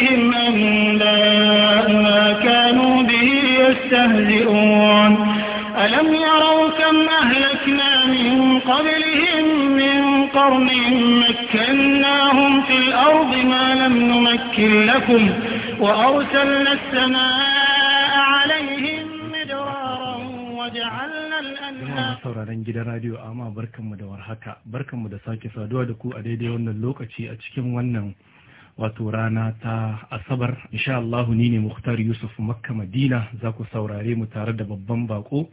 بهم أنباء ما كانوا به يستهزئون ألم يروا كم أهلكنا من قبلهم من قرن مكناهم في الأرض ما لم نمكن لكم وأرسلنا السماء عليهم مدرارا وجعلنا الأنهار sauraron gidan radio amma barkanmu da warhaka barkanmu da sake saduwa da ku a daidai wannan lokaci a cikin wannan wato rana ta asabar insha Allah ni ne Mukhtar Yusuf Makka Madina za ku saurare mu tare da babban bako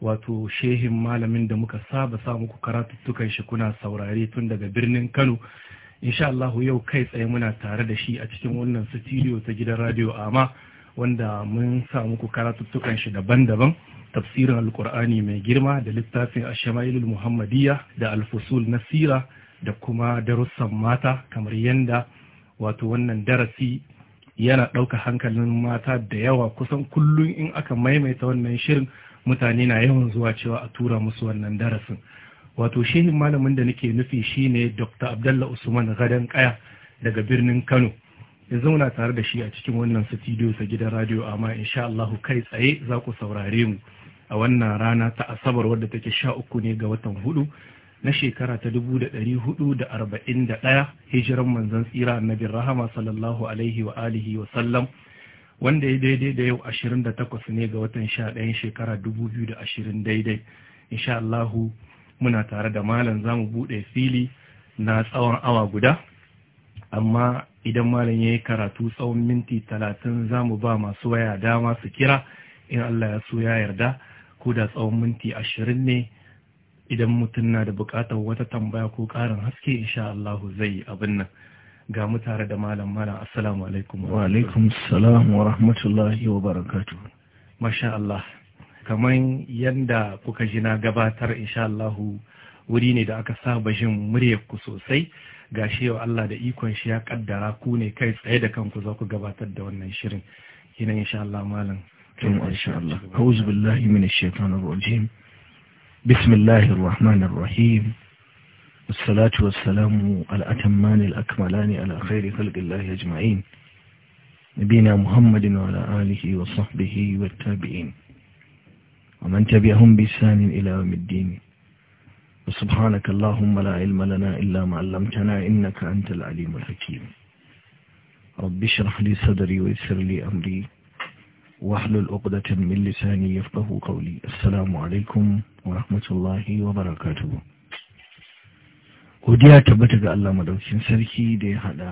wato shehin malamin da muka saba sa muku karatuttukan shi kuna saurare tun daga birnin Kano insha yau kai tsaye muna tare da shi a cikin wannan studio ta gidan radio Ama wanda mun sa muku karatuttukan shi daban-daban tafsirin alkur'ani mai girma da littafin ashama'ilul muhammadiyya da alfusul nasira da kuma darussan mata kamar yadda wato wannan darasi yana ɗauka hankalin mata da yawa kusan kullum in aka maimaita wannan shirin mutane na yawan zuwa cewa a tura musu wannan darasin wato shehin malamin da nake nufi shine dr abdallah usman gadon kaya daga birnin kano ya zauna tare da shi a cikin wannan studio sa gidan radio amma insha Allahu kai tsaye za ku saurare mu a wannan rana ta asabar wadda take sha uku ne ga watan hudu na shekara ta dubu da da da hudu arba'in ɗaya hijiran manzan tsira bin rahama sallallahu alaihi wa alihi wa sallam wanda ya daidai da yau ashirin da takwas ne ga watan sha ɗayan shekara dubu biyu da ashirin daidai insha Allahu muna tare da malam za mu buɗe fili na tsawon awa guda amma idan malam ya yi karatu tsawon minti talatin za mu ba masu waya dama su kira in Allah ya so ya yarda ko da tsawon minti ashirin ne idan mutum na da buƙatar wata tambaya ko ƙarin haske insha Allah zai abin nan ga mu da malam malam assalamu alaikum wa alaikum salam wa rahmatullahi wa barakatuh masha Allah kaman yanda kuka ji na gabatar insha Allah wuri ne da aka saba jin muryar ku sosai gashi yau Allah da ikon shi ya kaddara ku ne kai tsaye da kanku za ku gabatar da wannan shirin kina insha Allah malam kin insha Allah a'udhu billahi minash shaitanir rajim بسم الله الرحمن الرحيم والصلاة والسلام الأتمان الأكملان على خير خلق الله أجمعين نبينا محمد وعلى آله وصحبه والتابعين ومن تبعهم بسان إلى يوم الدين وسبحانك اللهم لا علم لنا إلا ما علمتنا إنك أنت العليم الحكيم رب اشرح لي صدري ويسر لي أمري wahlul uqdatan min lisani yafqahu qawli assalamu alaikum wa rahmatullahi wa barakatuh godiya tabbata ga Allah maɗaukin sarki da ya hada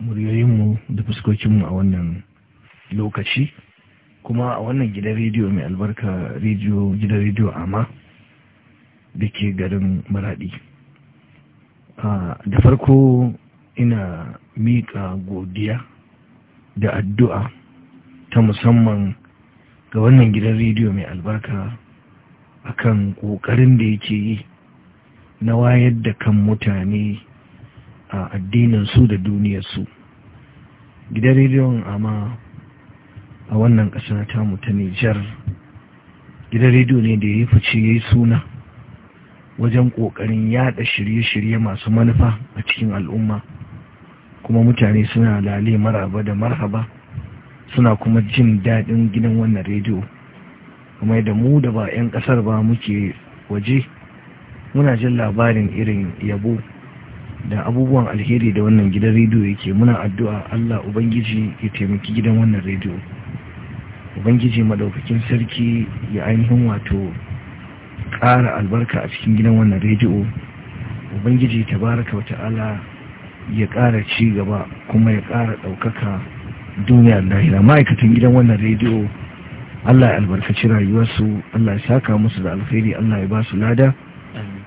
muryoyinmu da fuskokinmu a wannan lokaci kuma a wannan gidan rediyo mai albarka rediyo gidan rediyo amma da ke garin maradi da farko ina miƙa godiya da addu'a ta musamman ga wannan gidan rediyo mai albarka akan ƙoƙarin da yake yi na wayar da kan mutane a addininsu da duniyarsu gidan rediyon amma a wannan ƙasa tamu ta nijar gidan rediyo ne da ya yi fice ya yi suna wajen ƙoƙarin yada shirye-shirye masu manufa a cikin al'umma kuma mutane suna lale maraba da marhaba suna kuma jin daɗin gidan wannan rediyo kuma yadda mu da ba 'yan ƙasar ba muke waje muna jin labarin irin yabo da abubuwan alheri da wannan gidan rediyo yake muna addu'a Allah Ubangiji ya taimaki gidan wannan rediyo Ubangiji madaukakin sarki ya ainihin wato ƙara albarka a cikin gidan wannan rediyo Ubangiji tabaraka wata ala, ya ƙara ci gaba kuma ya ƙara ɗaukaka duniya lahira ma'aikatan gidan wannan rediyo Allah ya albarkaci rayuwarsu Allah ya saka musu da alkhairi Allah ya ba su lada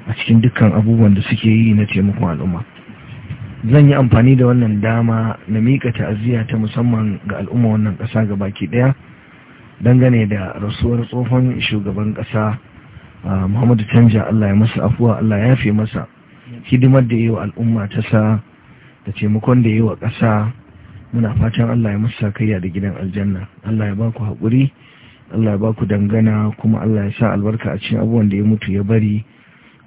a cikin dukkan abubuwan da suke yi na taimakon al'umma zan yi amfani da wannan dama na miƙa ta'aziyya ta musamman ga al'umma wannan ƙasa ga baki ɗaya dangane da rasuwar tsohon shugaban ƙasa Muhammadu Canja Allah ya masa afuwa Allah ya yafe masa hidimar da yi wa al'umma ta sa da taimakon da yi wa ƙasa muna fatan Allah ya musu sakayya da gidan aljanna Allah ya baku haƙuri Allah ya baku dangana kuma Allah ya sa albarka a cikin abubuwan da ya mutu ya bari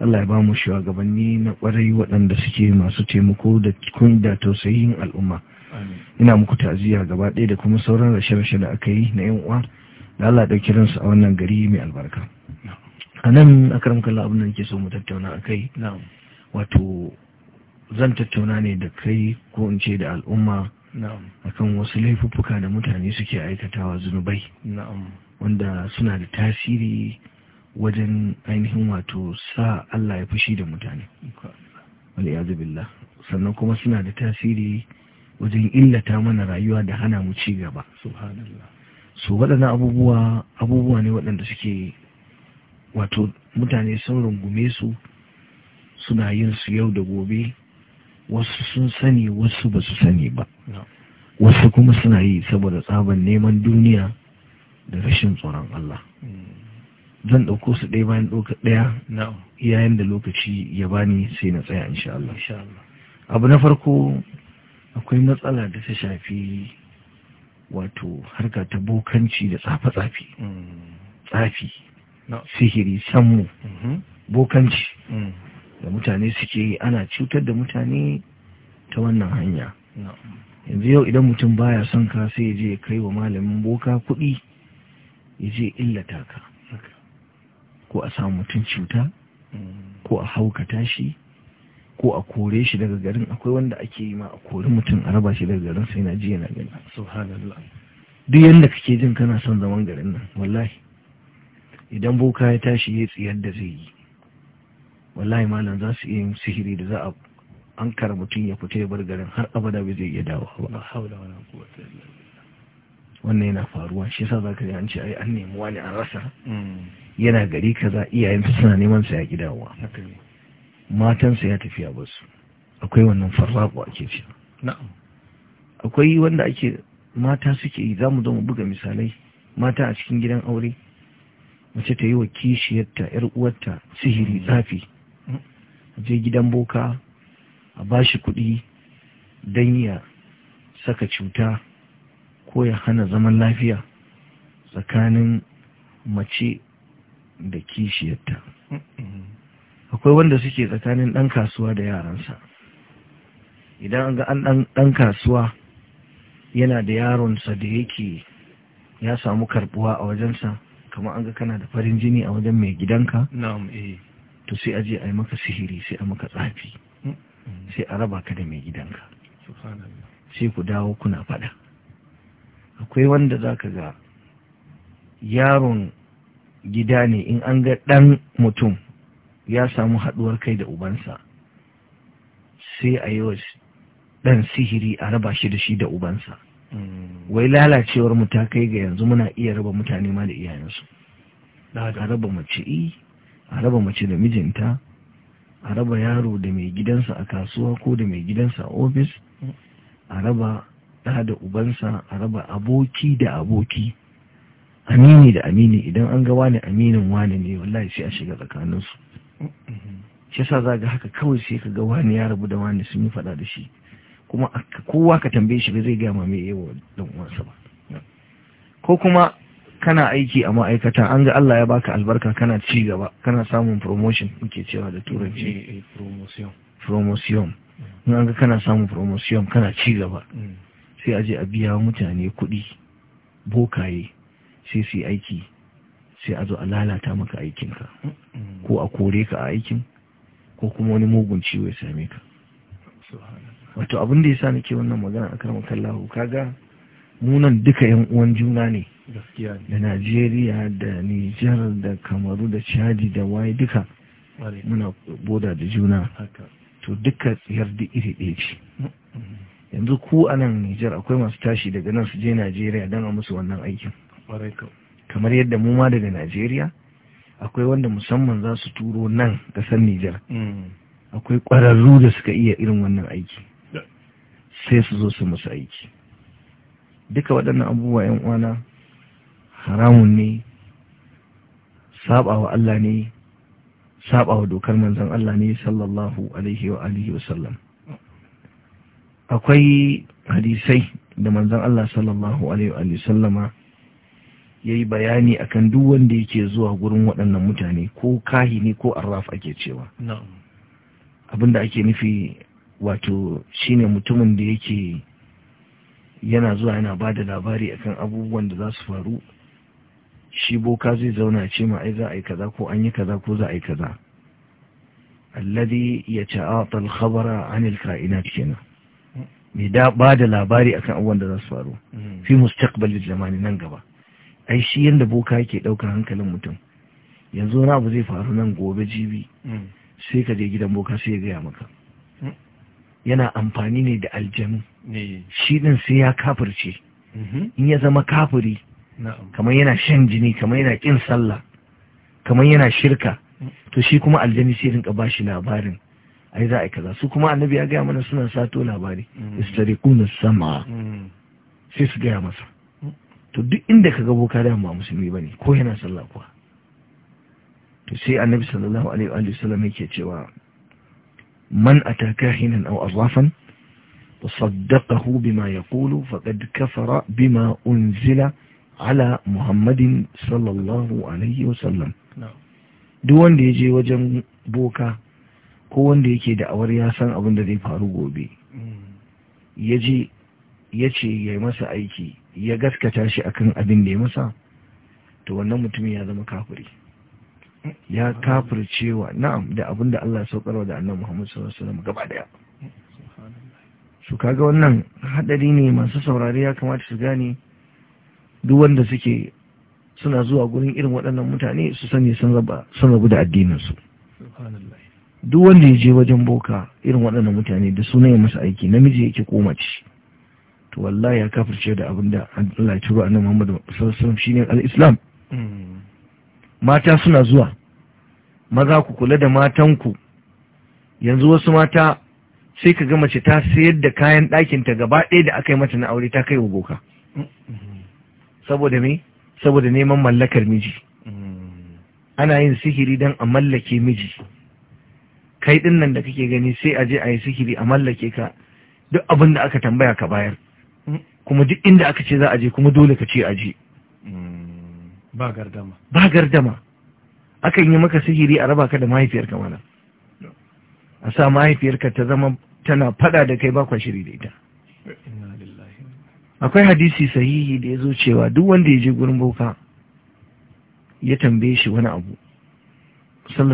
Allah ya ba mu shugabanni na ƙwarai waɗanda suke masu taimako da da tausayin al'umma ina muku ta'aziyya gaba ɗaya da kuma sauran rashe-rashe da aka yi na yan uwa da Allah ɗauki ransu a wannan gari mai albarka a nan a karam kallon abin da nake so mu tattauna a kai wato zan tattauna ne da kai ko in ce da al'umma akan wasu laifuffuka da mutane suke aikatawa zunubai wanda suna da tasiri wajen ainihin wato sa Allah ya fushi da mutane billah sannan kuma suna da tasiri wajen illata mana rayuwa da hana mu ci gaba so waɗannan abubuwa abubuwa ne waɗanda suke wato mutane sun rungume su suna yin su yau da gobe wasu sun sani wasu ba su sani ba wasu kuma suna yi saboda tsaban neman duniya da rashin tsoron Allah hmm. zan ɗauko su ɗaya bayan ɗauka ɗaya yayin da lokaci ya bani sai na tsaya insha Allah abu na farko akwai matsala da ta shafi wato harka ta bokanci da tsafa hmm. tsafi. tsafi sihiri sammu mm-hmm. bokanci mm. mutane suke yi ana cutar da mutane ta wannan hanya yanzu yau idan mutum baya son ka sai je kai wa malamin boka kuɗi ya je illata ka ko a samu mutum cuta mm. ko a haukata shi ko a kore shi daga garin akwai wanda ake yi ma a kori mutum a raba shi daga garin sai na ji yana gani duk yadda kake jin kana son zaman garin nan wallahi idan boka ya tashi ya tsiyar da zai yi wallahi malam za su iya yin sihiri da za a an kara mutum ya fita ya bar garin har abada bai zai iya dawo wannan yana faruwa shi yasa zaka ji an ce ai an nemi wani an rasa mm. yana gari kaza iyayensa suna neman sa ya ki dawowa matansa ya tafiya basu akwai wannan farrago ake ce akwai wanda ake mata suke yi za mu zo mu buga misalai mata a cikin gidan aure mace ta yi wa kishiyarta yar uwarta sihiri mm. tsafi je gidan boka a bashi kuɗi don ya saka cuta ko ya hana zaman lafiya tsakanin mace da kishiyarta akwai wanda suke tsakanin ɗan kasuwa da yaransa idan an ga an ɗan kasuwa yana da yaronsa da yake ya samu karbuwa a wajensa kamar an ga kana da farin jini a wajen mai gidanka eh. to sai aje a yi maka sihiri sai a maka tsafi mm. sai a raba ka da mai gidanka sai ku dawo kuna faɗa akwai wanda za ka ga yaron gida ne in an ga ɗan mutum ya samu haɗuwar kai da ubansa sai a yi wa ɗan sihiri a raba shi da shi da ubansa mm. wai lalacewar mu ta kai ga yanzu muna iya raba mutane ma da iyayensu a raba mace eh, a raba mace da mijinta a raba yaro da mai gidansa a kasuwa ko da mai gidansa a ofis a raba ɗa da ubansa a raba aboki da aboki amini da amini idan an ga wani aminin wani ne wallahi sai a shiga tsakaninsu shi yasa za ga haka kawai sai ka ga wani ya rabu da wani sun yi faɗa da shi kuma kowa ka tambaye shi ba zai gama mai yawa ɗan uwansa ba ko kuma kana aiki a ma'aikata an ga Allah ya baka albarka kana ci gaba kana samun promotion muke cewa da turanci promotion in an ga kana samun promotion kana ci gaba mm. sai aje a biya mutane kuɗi bokaye sai su aiki sai a zo a lalata maka aikinka ko a kore ka a aikin ko kuma wani mugun ciwo ya same ka wato abin da ya sa nake wannan magana a karamar kallahu kaga munan duka yan uwan juna ne da najeriya da nijar da kamaru da chadi da waye duka muna boda da juna to duka tsayar da iri ɗaya ce yanzu ku a nan nijar akwai masu tashi daga nan su je najeriya don a musu wannan aikin kamar yadda mu ma daga najeriya akwai wanda musamman za su turo nan ƙasar nijar mm. akwai ƙwararru da suka iya irin wannan aiki sai su zo su musu aiki duka waɗannan abubuwa 'yan uwana haramun ne sabawa Allah ne sabawa dokar manzon Allah ne sallallahu alaihi wa alihi wa sallam akwai hadisai da manzon Allah sallallahu alaihi wa alihi sallama yayi bayani akan duk wanda yake zuwa gurin waɗannan mutane ko kahini ko arraf ake cewa abinda ake nufi wato shine mutumin da yake yana zuwa yana ba da labari akan abubuwan da za su faru shi boka zai zauna ce ma ai za a yi kaza ko an yi kaza ko za a yi kaza alladhi yata'ata al-khabara 'an al-ka'inat kenan mai da ba da labari akan abubuwan da za su faru hmm. fi mustaqbal zamani nan gaba ai shi yanda boka yake daukar hankalin mutum yanzu wani abu zai faru nan gobe jibi hmm. sai ka je gidan boka sai ya gaya maka hmm. yana amfani ne da aljanu shi din sai ya kafirce mhm. in ya zama kafiri kamar yana shan jini kamar yana kin sallah kamar yana shirka to shi kuma aljani sai rinka bashi labarin ai za a yi kaza su kuma annabi ya gaya mana suna sato labari istariquna mm. sama mm. sai su gaya masa to duk inda ka ga boka da ba musulmi bane ko yana sallah kuwa to sai annabi sallallahu alaihi wa sallam yake cewa man ataka hinan aw arrafan وصدقه bima yaqulu faqad kafara bima unzila. ala muhammadin sallallahu alaihi wasallam duk wanda ya je wajen boka ko wanda yake da awar ya san abin da zai faru gobe hmm. ya je ya ce ya yi masa aiki ya gaskata shi akan abin da ya masa to wannan mutumin ya zama kafiri ya kafir cewa na'am da abin da Allah saukarwa da annabi Muhammad sallallahu alaihi gaba daya su kaga wannan hadari ne masu saurari ya kamata su gane duk wanda suke suna zuwa gurin irin waɗannan mutane su sani sun rabu da addininsu duk wanda ya je wajen boka irin waɗannan mutane da suna ya masa aiki namiji yake koma ci to wallahi ya kafirce da abin da Allah ya turo annabi Muhammad sallallahu alaihi shine al-Islam hmm. mata suna zuwa maza ku kula da matanku yanzu wasu mata sai ka ga mace ta sayar da kayan ɗakinta gaba ɗaya da aka yi mata na aure ta kai wa boka hmm. saboda me saboda neman mallakar miji hmm. ana yin sihiri don a mallake miji kai din nan da kake gani sai a je a yi sihiri a mallake ka duk abin da aka tambaya ka bayar hmm. kuma duk inda aka ce za a je kuma dole ka ce a je hmm. ba gardama ba gardama akan yi maka sihiri a raba ka da mahaifiyarka mana a sa mahaifiyarka ta zama tana fada da kai ba kwa shiri da ita akwai hadisi sahihi da ya zo cewa duk wanda ya je gurin boka ya tambaye shi wani abu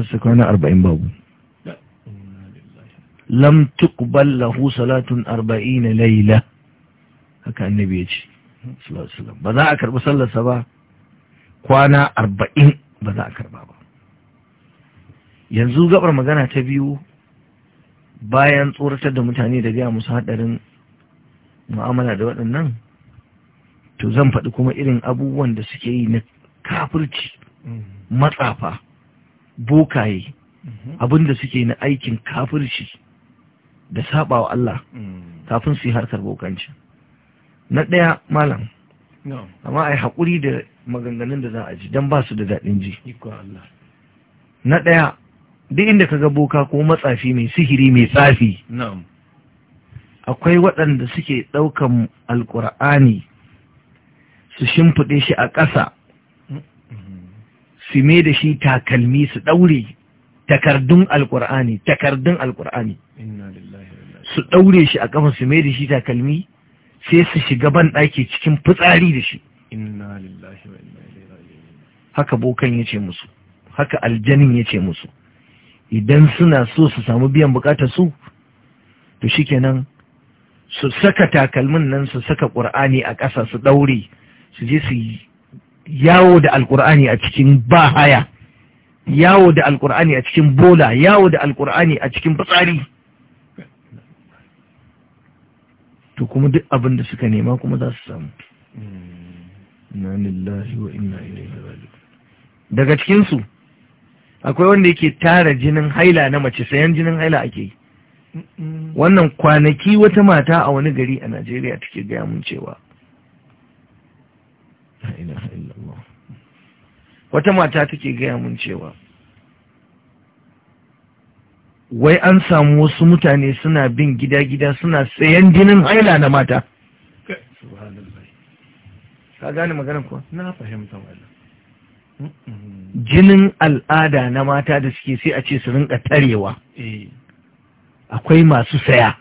su kwana arba'in babu lam tuqbal lahu salatun arba'ina laila haka annabi ya ce ba za a karɓi sallarsa ba kwana arba'in ba za a karɓa ba yanzu gabar magana ta biyu bayan tsoratar da mutane da gaya musu haɗarin mu'amala da waɗannan to zan faɗi kuma irin abubuwan da suke yi na kafirci mm-hmm. matsafa bokaye mm-hmm. abin da suke na aikin kafirci da saɓawa Allah mm. kafin su yi harkar bokanci na ɗaya malam amma a yi haƙuri da maganganun da za a ji don ba su da daɗin ji na ɗaya duk inda ka ga boka ko matsafi mai sihiri mai tsafi akwai waɗanda suke ɗaukan alƙur'ani su shimfiɗe shi a ƙasa su me da shi takalmi su ɗaure takardun alƙur'ani takardun alƙur'ani su ɗaure shi a ƙafa su me da shi takalmi sai su shiga ban ɗaki cikin fitsari da shi haka bokan ya ce musu haka aljanin ya ce musu idan suna so su samu biyan bukatar su to shikenan su saka takalmin nan su saka ƙur'ani a ƙasa su ɗaure su je su yawo da alƙur'ani a cikin bahaya yawo da alƙur'ani a cikin bola yawo da alƙur'ani a cikin fitsari to kuma duk abin da suka nema kuma za su samu daga cikinsu akwai wanda yake tara jinin haila na mace sayan jinin haila ake yi wannan kwanaki wata mata a wani gari a najeriya take gaya mun cewa wata mata take gaya mun cewa wai an samu wasu mutane suna bin gida-gida suna sayan jinin haila na mata ka gane magana kuwa na fahimta jinin al'ada na mata da suke sai a ce su rinka tarewa eh. akwai masu saya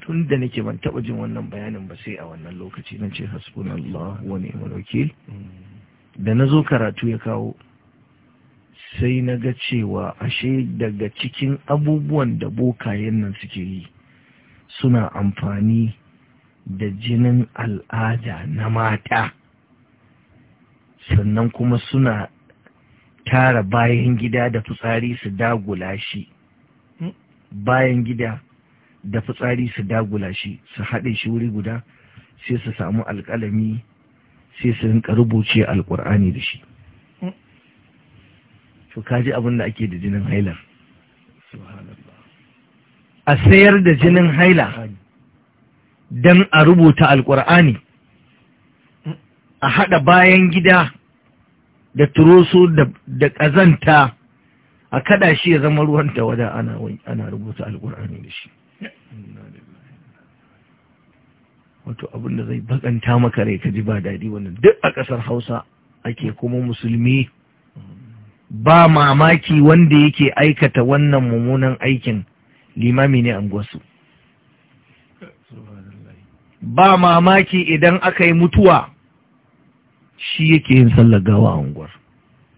tun da nake ban taba jin wannan bayanin ba sai a wannan lokaci na ce hasbunallah wa ni'mal wakil da na zo karatu ya kawo sai na ga cewa ashe daga cikin abubuwan da bokayen nan suke yi suna amfani da jinin al'ada na mata sannan kuma suna tara bayan gida da fitsari su dagula shi bayan gida da fitsari su dagula shi su haɗe shi wuri guda sai su samu alƙalami sai su rinka rubuce alƙur'ani da shi to kaji abin da ake da jinin hailar a sayar da jinin haila don a rubuta alƙur'ani a haɗa bayan gida da turoso da ƙazanta a kada shi ya zama ruwan tawada ana ana rubuta alkur'ani da shi wato abin zai bakanta maka rai ka ji ba daɗi wannan duk a ƙasar hausa ake kuma musulmi ba mamaki wanda yake aikata wannan mummunan aikin limami ne gwasu ba mamaki idan aka yi mutuwa shi yake yin sallar gawa a unguwar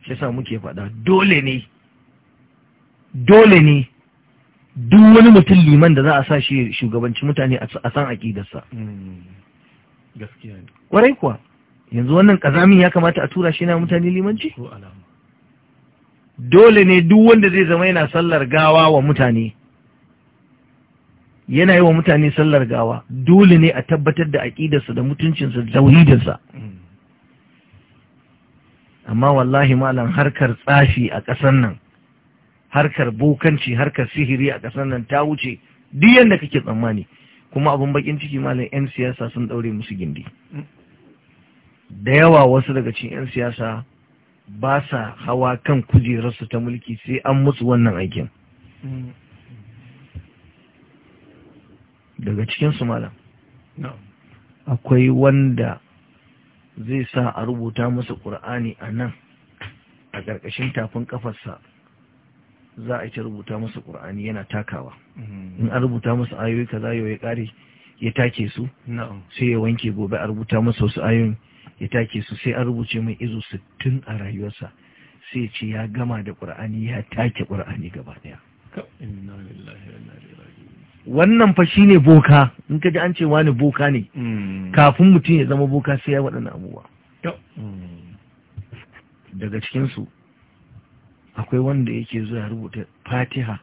shi sa muke faɗa dole ne dole ne duk wani mutum liman da za a sa shi shugabanci mutane a san aƙidarsa mm, kwarai kuwa yanzu wannan ƙazamin ya kamata a tura shi na mutane limanci dole ne duk wanda zai zama yana sallar gawa wa mutane yana yi wa mutane sallar gawa dole ne a tabbatar da aƙidarsa da mutuncinsa da tauhidarsa mm. amma wallahi malam harkar tsafi a ƙasar nan harkar bokanci harkar sihiri a ƙasar nan ta wuce duk yadda kake tsammani kuma abin bakin ciki malam 'yan siyasa sun daure musu gindi da yawa wasu daga cikin 'yan siyasa ba sa hawa kan kujerarsu ta mulki sai an musu wannan aikin daga cikinsu malam akwai wanda zai sa a rubuta masa ƙur'ani a nan a ƙarƙashin tafin ƙafarsa za a ce rubuta masa ƙur'ani yana takawa mm. in an rubuta masa ayoyi kaza yau ya ƙare ya take su sai ya wanke gobe a rubuta masa wasu ayoyin ya take su sai an rubuce mai izo sittin a rayuwarsa sai ce ya gama da ƙur'ani ya take ƙur'ani gaba ɗaya wannan fa shi ne boka in ka ji an ce wani boka ne mm. kafin mutum ya zama boka sai ya waɗannan abubuwa daga cikinsu akwai wanda yake zuwa rubuta fatiha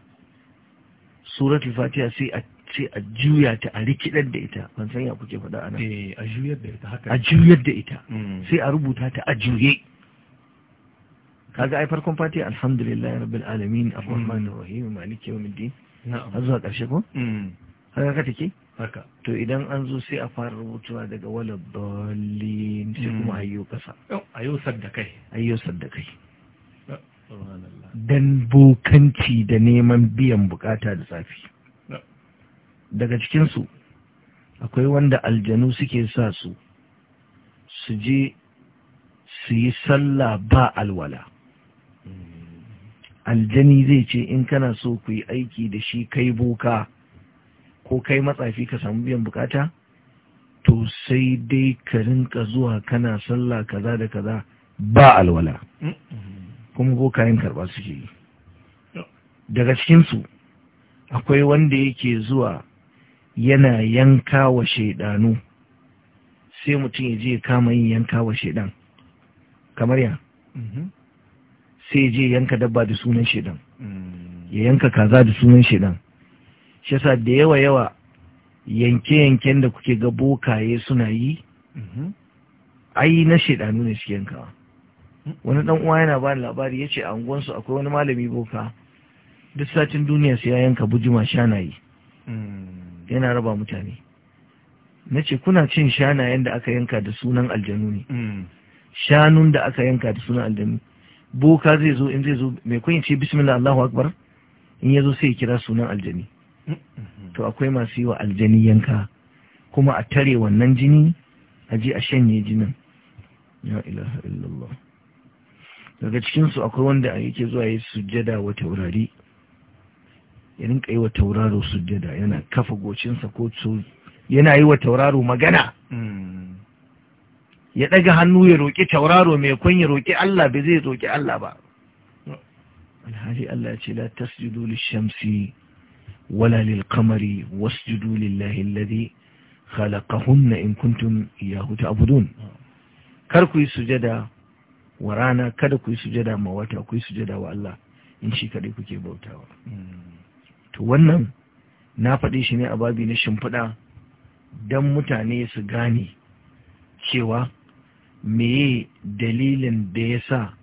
suratul fatiha sai a sai a juya ta a rikidar da ita ban san ya kuke faɗa ana eh, a juyar da ita haka a juyar da ita mm. sai a rubuta ta a juye kaga ai farkon fatiha alhamdulillahi rabbil alamin arrahmanir mm. rahim maliki yawmiddin na'am zuwa karshe ko mm. haka ka take haka to idan an zo sai a fara rubutuwa daga walad dalin sai kuma ayyo kasa ayyo sadda kai ayyo sadda kai dan bokanci da neman biyan bukata da safi daga cikinsu akwai wanda aljanu suke sa su su je su yi sallah ba alwala hmm. aljani zai ce in kana so ku yi aiki da shi kai boka ko kai matsafi ka samu biyan bukata to sai dai ka rinka zuwa kana sallah kaza da kaza ba alwala mm-hmm. kuma bokayen karba suke yi daga cikinsu akwai wanda yake zuwa yana yanka wa shaidanu sai mutum ya je kama yin yanka wa shaidan kamar ya mm-hmm. sai je yanka dabba da sunan shaidan mm. ya yanka kaza da sunan shaidan shi da yawa yawa yanke-yanken da kuke ga bokaye suna yi mm-hmm. ai na shaidanu ne suke yankawa wani dan uwa yana bani labari yace a unguwansu akwai wani malami boka duk satin duniya sai ya yanka bujima shanaye hmm. yana raba mutane nace kuna cin shanayen da aka yanka da sunan aljanu ne hmm. shanun da aka yanka da sunan aljanu boka zai zo in zai zo mai kun ce bismillah Allahu akbar in ya zo sai ya kira sunan aljani hmm. to akwai masu yi wa aljani yanka kuma a tare wannan jini a je a shanye jinin ya ilaha illallah daga cikinsu akwai wanda a yake zuwa yi sujjada wa taurari ya rinka yi wa tauraro sujjada yana kafa gocinsa ko yana yi wa tauraro magana hmm. ya ɗaga hannu ya roƙi tauraro mai kun ya roƙi Allah ba zai roƙi Allah ba alhali Allah ya ce la tasjudu lishamsi wala lil qamari wasjudu lillahi alladhi khalaqahunna in kuntum iyyahu ta'budun hmm. kar ku yi sujada wa rana kada ku yi sujada ma wata ku yi sujada wa Allah in shi kaɗai kuke bautawa to wannan na faɗi shi ne a babi na shimfiɗa don mutane su gane cewa meye dalilin da ya sa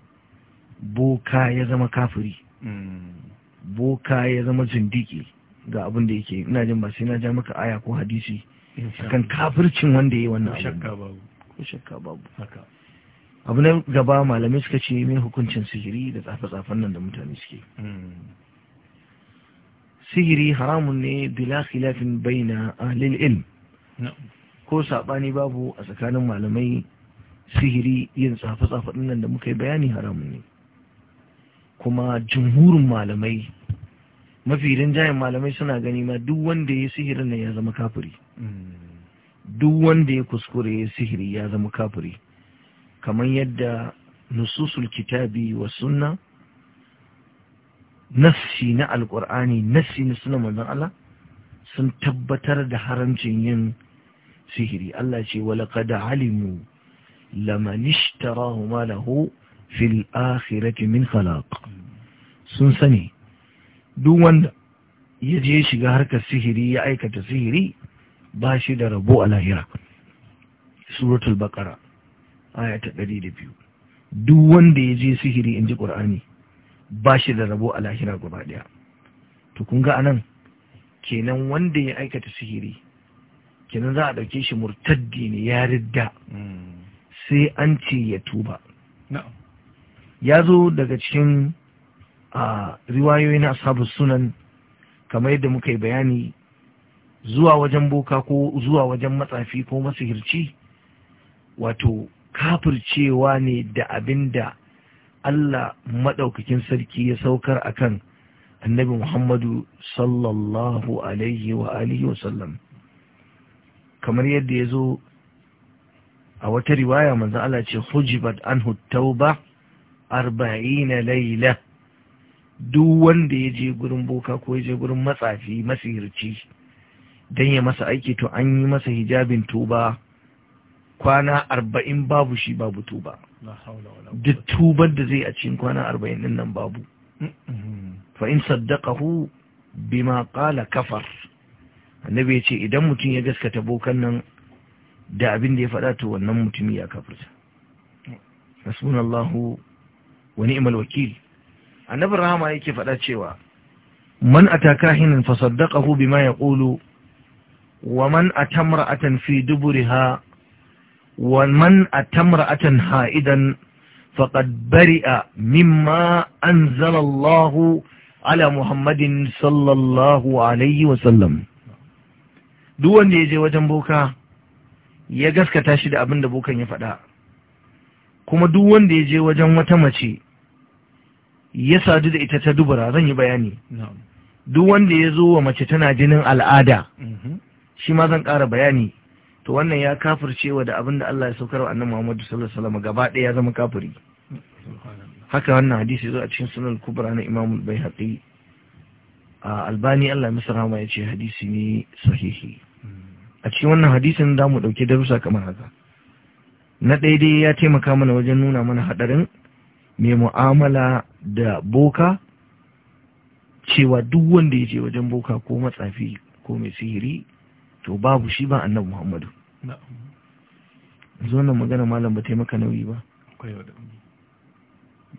boka ya zama kafiri boka ya zama zindiki ga abin da yake ina jin ba sai na ja maka aya ko hadisi kan kafircin wanda ya yi wannan shakka babu shakka babu abu na gaba malamai suka ce mai hukuncin sihiri da tsafe-tsafen nan da mutane suke sihiri haramun ne bila khilafin baina alil ilm ko sabani babu a tsakanin malamai sihiri yin tsafe-tsafe nan da muka yi bayani haramun ne kuma jumhurin malamai mafi rinjayen malamai suna gani ma duk wanda ya sihirin nan ya zama kafiri mm. duk wanda ya kuskure sihiri ya zama kafuri. kamar yadda nususul kitabi wa sunna nassi na alkur'ani nassi na sunan manzon Allah sun tabbatar da haramcin yin sihiri Allah ce wa laqad alimu laman ishtarahu ma lahu fil akhirati min khalaq sun sani duk wanda ya je shiga harkar sihiri ya aikata sihiri ba shi da rabo a lahira suratul baqara aya ta ɗari da biyu duk wanda ya je sihiri in ji ƙur'ani ba shi da rabo a lahira gaba ɗaya to kun ga anan kenan wanda ya aikata sihiri kenan za a ɗauke shi murtaddi ne ya ridda sai an ce ya tuba ya zo daga cikin a riwayoyi na ashabu sunan kamar yadda muka yi bayani zuwa wajen boka ko zuwa wajen matsafi ko masihirci wato kafircewa ne da abin da Allah maɗaukakin sarki ya saukar a kan annabi Muhammadu sallallahu alaihi wa alihi wa kamar yadda ya zo a wata riwaya manzo Allah ce hujibat anhu tauba arba'ina laila duk wanda ya je gurin boka ko ya je gurin matsafi masihirci don ya masa aiki to an yi masa hijabin tuba kwana arba'in babu shi babu tuba duk tubar da zai a cikin kwana arba'in din nan babu mm-hmm. fa in bima qala kafar annabi ya ce idan mutum ya gaskata bokan nan da abin da ya faɗa to wannan mutumi ya kafirta hasbunallahu wa ni'mal wakil annabi rahama yake faɗa cewa man ataka hinan fa saddaqahu bima yaqulu wa man atamra'atan fi duburiha ومن أتى امرأة حائدا فقد برئ مما أنزل الله على محمد صلى الله عليه وسلم duk wanda ya je wajen boka ya gaskata shi da abin da bokan ya faɗa kuma duk wanda ya je wajen wata mace ya sadu da ita ta dubura zan yi bayani duk wanda ya zo wa mace tana jinin al'ada shi ma zan ƙara bayani to wannan ya kafircewa da abinda Allah ya saukar wa annan Muhammadu sallallahu alaihi wasallam gaba ɗaya ya zama kafiri haka wannan hadisi zo a cikin sunan kubra na Imam al-Baihaqi albani Allah ya rahama ya ce hadisi ne sahihi a cikin wannan hadisin da mu dauke darussa kamar haka na daidai ya taimaka mana wajen nuna mana hadarin mai mu'amala da boka cewa duk wanda ya je wajen boka ko matsafi ko mai sihiri to babu shi ba annabi Muhammadu zonan magana malam ba taimaka nauyi ba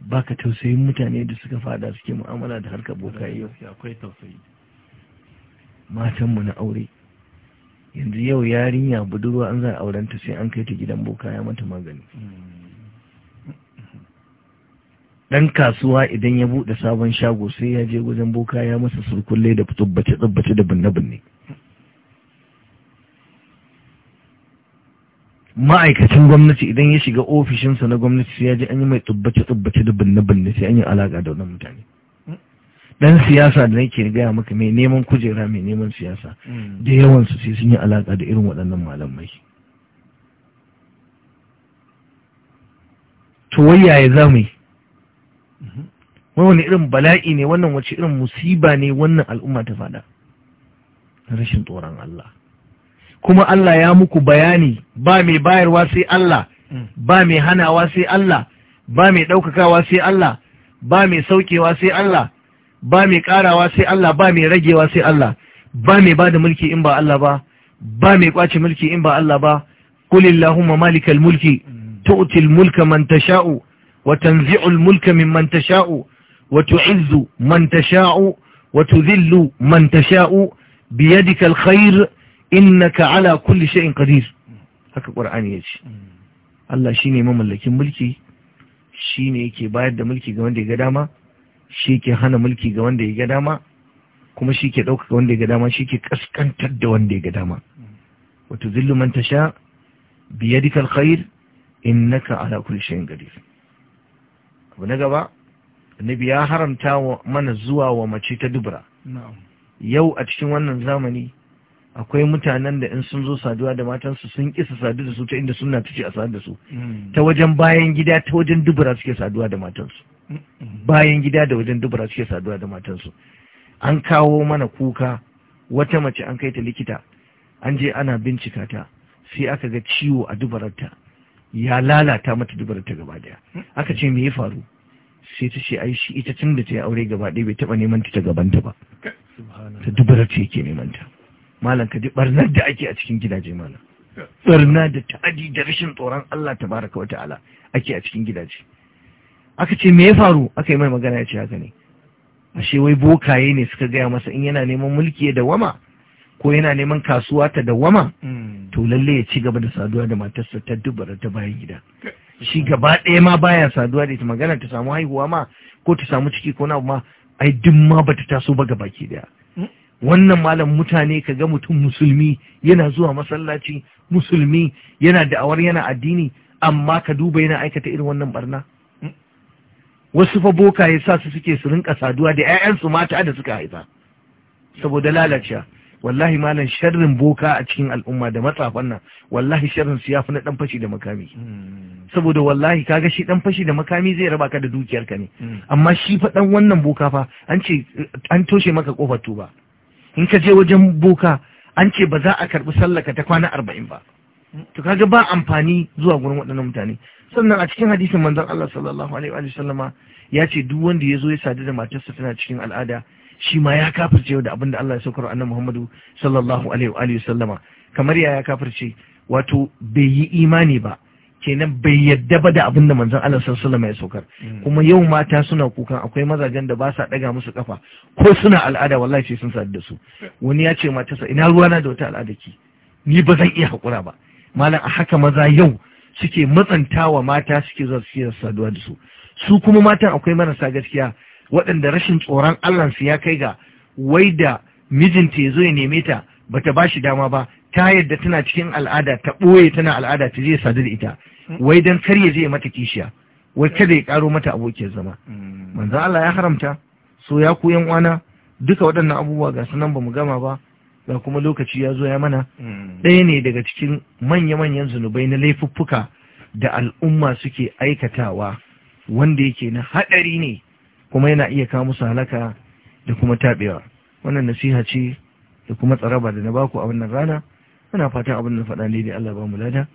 ba ka tausayin mutane da suka fada suke mu'amala da harkar bokaye yau matanmu na aure yanzu yau yarinya budurwa an za aurenta sai an kai ta gidan bokaya mata magani dan kasuwa idan ya buɗe sabon shago sai ya je wajen boka ya masa surkulle da tsubbace tsubbace da binne binne ma'aikacin gwamnati idan ya shiga ofishinsa na gwamnati sai ya ji an yi mai tubbace tubbace da binne binne sai an yi alaka da wannan mutane dan siyasa da nake gaya maka mai neman kujera mai neman siyasa mm. da yawansu sai sun yi alaka da irin waɗannan malamai to wayaye za mu yi mm-hmm. wani irin bala'i ne wannan wace irin musiba ne wannan al'umma ta fada rashin tsoron Allah kuma Allah ya muku bayani ba mai bayarwa sai Allah ba mai hanawa sai Allah ba mai daukakawa sai Allah ba mai saukewa sai Allah ba mai karawa sai Allah ba mai ragewa sai Allah ba mai bada mulki in ba Allah ba ba mai kwace mulki in ba Allah ba kulillahumma malikal mulki tu'til mulka man tasha'u wa tanzi'ul mulka mimman tasha'u wa tu'izzu man tasha'u wa tudhillu man tasha'u biyadikal khair innaka ala kulli shay'in qadir haka qur'ani yace hmm. Allah shine mamallakin mulki shine yake bayar da mulki ga wanda ya ga dama shi ke hana mulki ga wanda ya ga dama kuma shi ke ɗaukaka wanda ya ga dama shi ke ƙasƙantar da wanda ya ga dama wato zillu man tasha biyadika alkhair innaka ala kulli shay'in qadir abu na gaba annabi ya haramta mana zuwa wa mace ta dubura yau a cikin wannan zamani akwai mutanen da in sun zo saduwa da matansu sun kisa sadu da su ta inda suna tuce a sadu da su hmm. ta wajen bayan gida ta wajen dubura suke saduwa da matansu hmm. bayan gida da wajen dubura suke saduwa da matansu an kawo mana kuka wata mace an kai ta likita an je ana bincika ta sai aka ga ciwo a dubararta ya lalata mata dubararta gaba daya aka ce me ya faru sai ta ce ai shi ita tun da ta yi aure gaba daya bai taɓa neman ta ta ta ba ta dubararta yake neman ta malam ka ji barnar da ake a cikin gidaje malam barna da ta'adi da rashin tsoron Allah tabaraka wa ta'ala ake a cikin gidaje aka ce me ya faru aka yi mai magana ya ce haka ne ashe wai bokaye ne suka gaya masa in yana neman mulki ya dawama ko yana neman kasuwa ta dawama to lalle ya ci gaba da saduwa da matarsa ta dubara ta bayan gida shi gaba ɗaya ma baya saduwa da ita magana ta samu haihuwa ma ko ta samu ciki ko na ma ai duk ma bata taso ba gaba ki daya wannan malam mutane ka ga mutum musulmi yana zuwa masallaci musulmi yana da'awar yana addini amma ka duba yana aikata irin wannan barna wasu fa boka ya sa su suke su rinka saduwa da 'ya'yansu mata da suka haifa saboda lalacewa wallahi malam sharrin boka a cikin al'umma da matsafan nan wallahi sharrin su yafi na dan fashi da makami saboda wallahi kaga shi dan fashi da makami zai raba ka da dukiyarka ne hmm. amma shi fa dan wannan boka fa an ce an toshe maka kofar tuba in ka je wajen boka an ce ba za a karɓi sallaka ta kwana arba'in ba to kaga ba amfani zuwa gurin waɗannan mutane sannan a cikin hadisin manzon Allah sallallahu alaihi wa sallama ya ce duk wanda ya zo ya sadu da matarsa tana cikin al'ada shi ma ya kafirce da abin da Allah ya saukar annabi Muhammadu sallallahu alaihi wa sallama kamar yaya ya kafirce wato bai yi imani ba kenan bai yadda ba da abin da manzon Allah sallallahu alaihi saukar hmm. kuma yau mata suna kukan akwai mazajen da ba sa daga musu kafa ko suna al'ada wallahi sai sun sadu da su wani ya ce matarsa ina ruwana da wata al'ada ki ni ba zan iya hakura ba malam a haka maza yau suke matsantawa mata suke zuwa suke saduwa da su su kuma matan akwai marasa gaskiya waɗanda rashin tsoron Allah su ya kai ga wai da mijinta ya zo ya neme ta bata ba shi dama ba ta yadda tana cikin al'ada ta ɓoye tana al'ada ta zai sadu da ita wai dan kar zai mata kishiya wai kada ya karo mata abokiyar zama hmm. manzo Allah ya haramta so ya ku yan uwana duka waɗannan abubuwa ga sunan bamu gama ba ga kuma lokaci ya zo ya mana hmm. ɗaya ne daga cikin manya-manyan zunubai na laifuffuka da al'umma suke aikatawa wanda yake na haɗari ne kuma yana iya kawo musu halaka da kuma taɓewa wannan nasiha ce da kuma tsaraba da na baku a wannan rana ana fatan abin da faɗa da Allah ba mu lada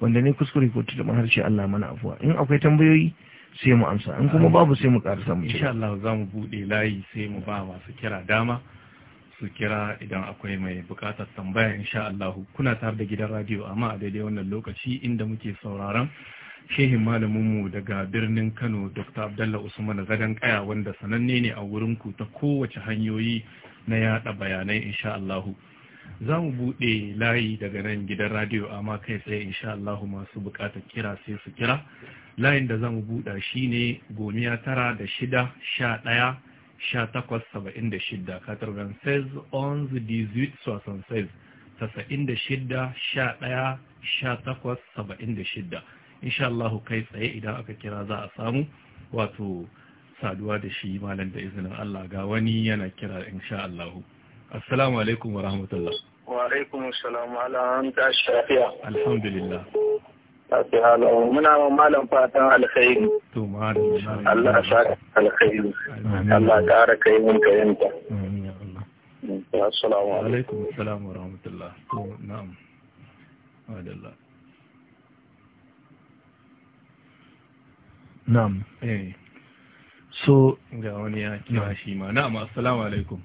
wanda ne kuskure ko tutuɓa harshe Allah mana afuwa in akwai tambayoyi sai mu amsa in kuma babu sai mu karasa mu insha Allah za mu buɗe layi sai mu ba masu kira dama su kira idan akwai mai buƙatar tambaya insha Allah kuna tare da gidan radio amma a daidai wannan lokaci inda muke sauraron shehin malamin mu daga birnin Kano Dr. Abdullah Usman Zagan Kaya wanda sananne ne a wurin ku ta kowace hanyoyi na yada bayanai insha Allah za mu buɗe layi daga nan gidan radiyo amma kai tsaye insha Allah masu buƙatar kira sai su kira layin da za mu buɗa shi ne gomiya tara da shida sha ɗaya sha takwas saba'in da shida katarban sez on the huit soixante seize tasa'in da shida sha ɗaya sha takwas saba'in da shida insha Allah kai tsaye idan aka kira za a samu wato saduwa da shi malam da izinin Allah ga wani yana kira insha Allah. assalamu alaikum wa rahmatullah wa alaikum assalam ala an ta shafiya alhamdulillah Tafi halawa, muna wa malam fatan alkhairi. To, Allah sa alkhairi. Allah ƙara kai mun kayanta. Assalamu alaikum. Assalamu wa rahmatullah. To, na'am. Na'am. Eh. So, ga wani ya kira shi ma. Na'am, assalamu alaikum.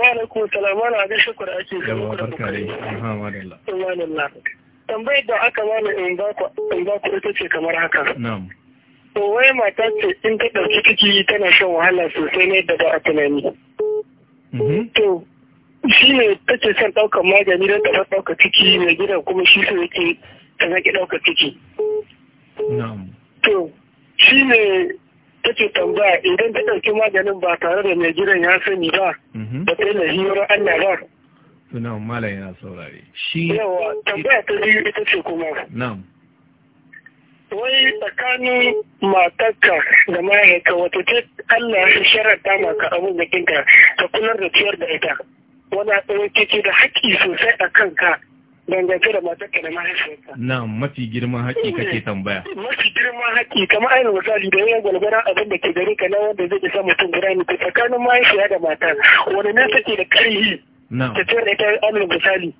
Wa alaikum salam wa na gaishe da ake gaba da Tambayar da aka bani in ba ku ita ce kamar haka. Na'am. To wai mata ce in ta ɗauki ciki tana shan wahala sosai ne da ba a tunani. Mhm. To shi ne take son ɗaukar magani don ta ɗauka ciki mai gida kuma shi su yake ta zaki ɗauka ciki. To shi ne take tambaya idan ta ɗauki maganin ba tare da mai gidan ya sani ba da mhm. kai na hiyar Allah ba. Suna yana saurare. Shi yawa tambaya ta biyu ita ce kuma. Nam. Wai tsakanin matarka da mahaifiyarka wata ce Allah ya sharata maka abin da kinka ka kular da ciyar da ita. Wani ɗaya ce da haƙƙi sosai a kanka dangance da matarka da mahaifiyarka. Na mafi girman haƙi ke tambaya. Mafi girman haƙi kamar ainihin misali da yawan gwalgwara abin da ke gare ka na wanda zai isa mutum guda ne tsakanin mahaifiya da mata wani ne take da karihi. Na. Ta ce da ita ainihin misali.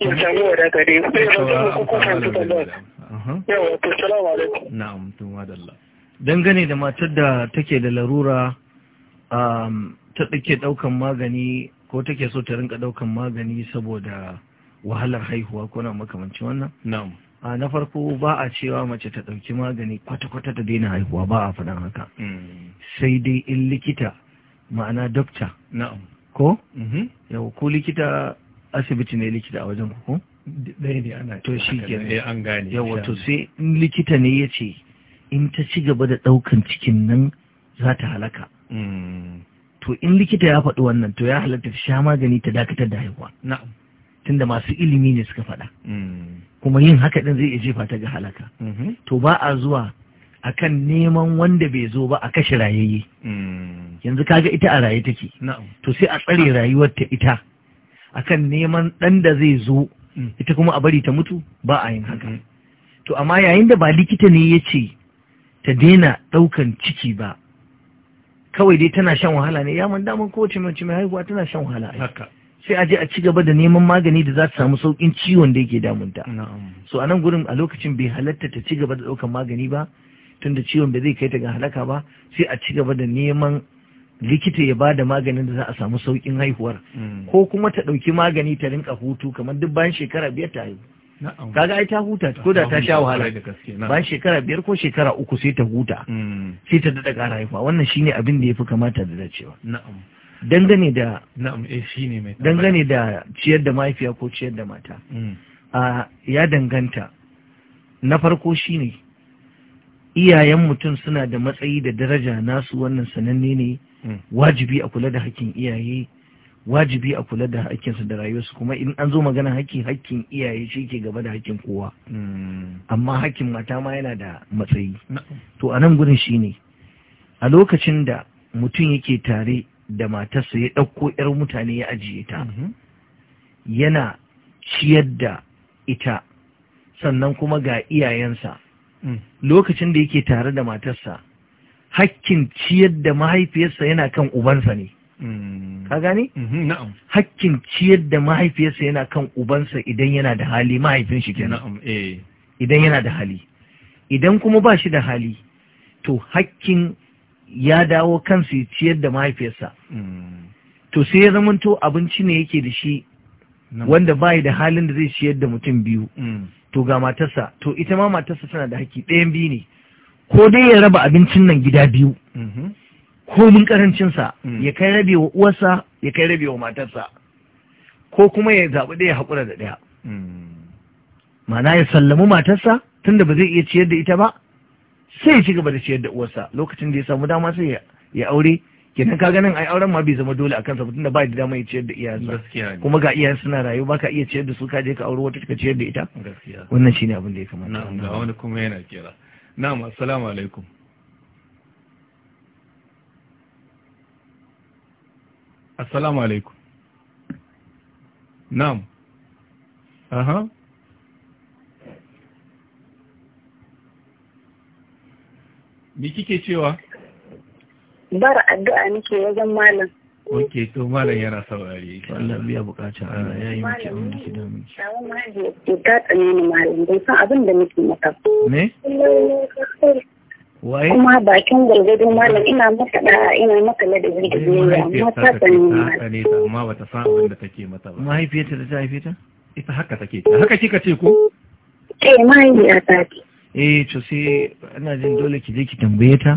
In samu wadata dai. Sai ba zan ku kuka su tambaya. Uh-huh. Yawa to salamu alaikum. Na'am to allah. Dangane da matar da take da larura um, ta ɗauke ɗaukan magani ko take so ta rinka ɗaukan magani saboda wahalar haihuwa ko na makamancin wannan na na farko ba a cewa mace ta ɗauki magani kwata-kwata ta daina haihuwa ba a faɗan haka mm. sai dai in likita ma'ana dokta ko mm-hmm. yau ko likita asibiti ne likita a wajen ko ɗaya ne ana to shi an gane yawa to sai in likita ne ya ce in ta ci gaba da ɗaukan cikin nan za ta halaka mm. to in likita ya faɗi wannan to ya halatta sha magani ta dakatar da haihuwa na'am tunda masu ilimi ne suka faɗa mm. kuma yin haka ɗin zai iya jefa ta ga halaka mm-hmm. to ba a zuwa akan neman wanda bai zo ba a kashe rayayye mm. yanzu kaga ita a raye take to sai a tsare rayuwarta ita akan neman ɗan da zai zo mm. ita kuma a bari ta mutu ba a yin haka mm-hmm. to amma yayin da ba likita ne ya ce ta daina ɗaukan ciki ba kawai dai tana shan wahala ne ya man daman kowace mace mai haihuwa tana shan wahala haka sai a je a ci gaba da neman magani da za ta samu saukin ciwon da yake damunta so a nan gurin a lokacin bai halatta ta ci gaba da ɗaukan magani ba tunda ciwon bai zai kai ta ga halaka ba sai a ci gaba da neman likita ya bada maganin da za a samu saukin haihuwar mm. ko kuma ta ɗauki magani ta rinka hutu kamar duk bayan shekara biyar ta haihu kaga ai ta huta ko da ta sha wahala bayan shekara biyar ko shekara uku sai ta huta mm. sai ta daɗa ƙara haihuwa wannan shine abin da ya fi kamata da dacewa na'am dangane da eh, dangane da ciyar da mahaifiya ko ciyar da mata mm. ya danganta na farko shine iyayen mutum suna da matsayi da daraja nasu wannan sananne ne mm. wajibi a kula da hakkin iyaye wajibi a kula da hakkinsu da rayuwarsu kuma in an zo magana hakkin hakkin iyaye shi ke gaba da hakkin kowa mm. amma hakkin mata ma yana da matsayi to anan gurin shine a lokacin da mutum yake tare da matarsa ya ɗauko 'yar mutane ya ajiye ta mhm. yana ciyar da ita sannan kuma ga iyayensa mm. lokacin da yake tare da matarsa hakkin ciyar da mahaifiyarsa yana kan ubansa ne mm. ka gane? Mhm, hakkin ciyar da mahaifiyarsa yana kan ubansa idan yana da hali mahaifin shi kenan eh. idan yana da hali idan kuma ba shi da hali to hakkin ya dawo kansu ya ciyar da mahaifiyarsa hmm. to sai ya zamanto abinci ne yake da shi wanda bai da halin da zai ciyar da mutum biyu hmm. to ga matarsa to ita ma matarsa tana da haƙƙi ɗayan biyu ne ko dai ya raba abincin nan gida biyu hmm. ko mun karancinsa ya kai rabe wa uwarsa ya kai rabe wa matarsa ko kuma ya zaɓi ɗaya haƙura da ɗaya ma'ana ya sallami matarsa tunda ba zai iya ciyar da ita ba sai ya ci gaba da ciyar da uwarsa lokacin da ya samu dama sai ya aure kenan ka ganin ai auren ma bai zama dole akan sa tunda ba da dama ya ciyar da iyayensa kuma ga iyayen suna rayuwa baka iya ciyar da su ka je ka aure wata ka ciyar da ita wannan shine abin da ya kamata na'am ga wani kuma yana kira na'am assalamu alaikum assalamu alaikum na'am aha me kike cewa bar addu'a nake wajen malam ok to malam yana saurari Allah biya bukata Allah ya yi miki abin da ke da miki shawon mahaji ya gatsa ne malam bai san abin da nake maka Me? waye kuma bakin gargado malam ina maka da ina maka ladabi da eh, ya amma ta tsani ta amma bata san abin da take mata ba mahaifiyarta da ta haife ta ita haka take haka kika ce ko eh mahaifiyata ce eh to sai ina jin dole ki je ki tambaye ta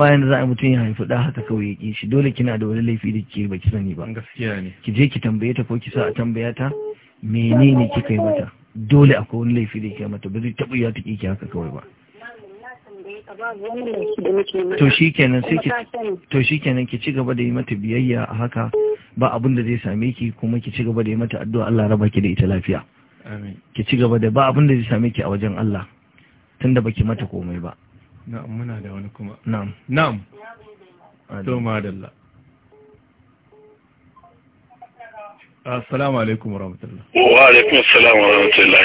bayan da za a mutum ya haifi da haka kawai ya ki shi dole kina da wani laifi da ke baki sani ba gaskiya ne ki je ki tambaye ta ko ki sa a tambaya ta menene kika yi mata dole akwai wani laifi da ke mata ba zai taɓa ya taƙi ki haka kawai ba to shi kenan sai ki to ki ci gaba da yi mata biyayya a haka ba abin da zai same ki kuma ki ci gaba da yi mata addu'a Allah raba ki da ita lafiya amin ki ci gaba da ba abin da zai same ki a wajen Allah tunda baki mata komai ba na'am muna da wani kuma na'am na'am to madalla assalamu alaikum wa rahmatullah wa alaikum assalam wa rahmatullah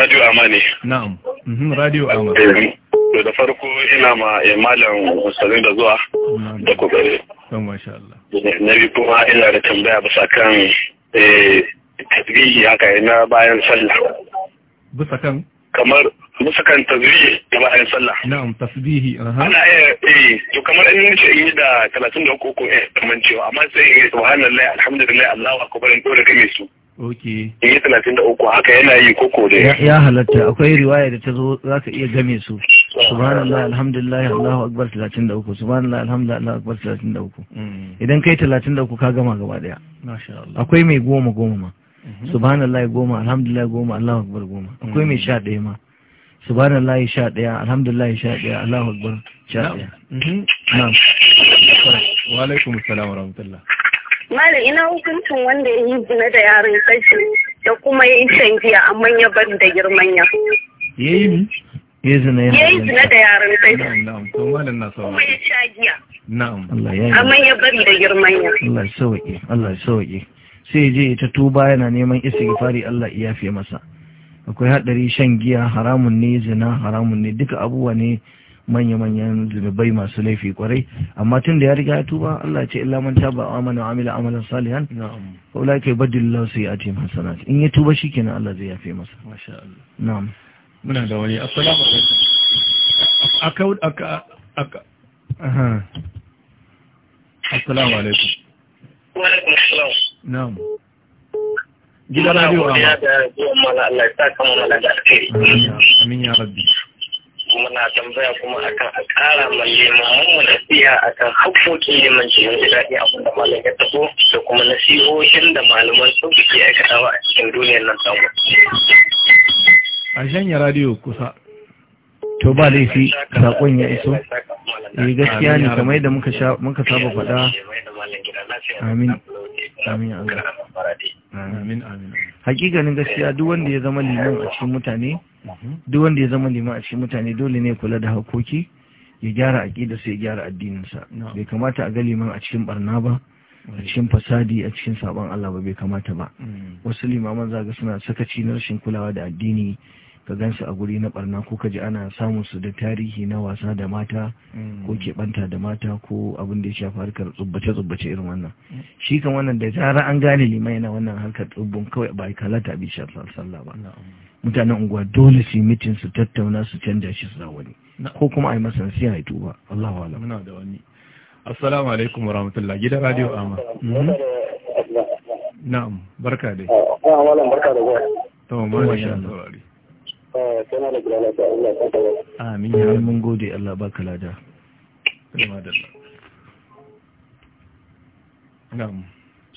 radio amani na'am mhm, radio amani to da farko ina ma eh, malam Hussein da zuwa da kokari don masha Allah eh, na bi kuma ina da tambaya bisa kan eh tasbihi haka na bayan sallah bisa kan kamar musakan kan tasbihi da bayan sallah na'am tasbihi ana eh to kamar in nace in yi da 33 ko eh kaman cewa amma sai in yi subhanallahi alhamdulillahi Allahu akbar in dole kame su okay in yi 33 haka yana yi koko da ya halatta akwai riwaya da ta zo za iya game su subhanallahi alhamdulillahi Allahu akbar 33 subhanallahi alhamdulillahi Allahu akbar 33 mm. idan kai 33 ka gama gaba daya masha Allah akwai mai goma goma ma mhm. subhanallah goma alhamdulillahi goma Allahu akbar goma akwai mai mm. sha daya ma subhanallahi sha ɗaya alhamdulillahi sha ɗaya allahu akbar sha ɗaya mhm. na'am wa alaikum assalam wa rahmatullah malam ina hukuncin wanda ya yi zina da yaran sashi da kuma yayi yi shan giya amma ya bari da girman ya ya yi ya zina ya yi zina da yaren sashi kuma ya sha giya amma ya bari da girman ya Allah ya sauke Allah ya sauke sai je ta tuba yana neman istighfari Allah ya yafe masa akwai haɗari shan giya haramun ne zina haramun ne duka abubuwa ne manya-manyan zunubai masu laifi kwarai amma tun da ya riga ya tuba Allah ce illa man taba wa amana amila amalan salihan na'am fa ulai kai badillahu sayyi'atihim hasanat in ya tuba shikenan Allah zai yafe masa masha Allah na'am muna da wani assalamu alaikum aka aka aha assalamu alaikum wa alaikum assalam na'am gidan na a ma. ya rabbi. Muna tambaya kuma akan a kara ma limamin nasiha akan hakkokin neman cikin gida daɗi abin da malam ya taɓo da kuma nasihohin da malaman su ke aikatawa a cikin duniyar nan tamu. A shanya radio kusa. to ba laifi sakon ya iso eh gaskiya ne kamar yadda muka saba faɗa amin amin amin amin hakikanin gaskiya duk wanda ya zama liman a cikin mutane duk wanda ya zama liman a cikin mutane dole ne kula da hakoki ya gyara ƙida sai ya gyara addininsa bai kamata a ga liman a cikin barna ba a cikin fasadi a cikin sabon Allah ba bai kamata ba mm. wasu limaman zaga suna sakaci na rashin kulawa da addini ka gan shi a guri na barna ko ka ji ana samun su da tarihi na wasa da mata mm. ko keɓanta da mata ko abin da ya shafi harkar tsubbace tsubbace irin wannan mm. shi kan wannan da zara an gane limai na wannan harkar tsubbun kawai ba kalata bi shafar sallah ba mutanen unguwa dole su yi mitin su tattauna su canja shi su wani ko kuma a yi masa nasiha ya tuba Allah wa muna da wani assalamu alaikum wa rahmatullah gidan radio amma mm-hmm. na'am barka dai na'am ah, barka da gwai to ma sha Allah Eh, Amin, ya mun gode Allah ba ka lada.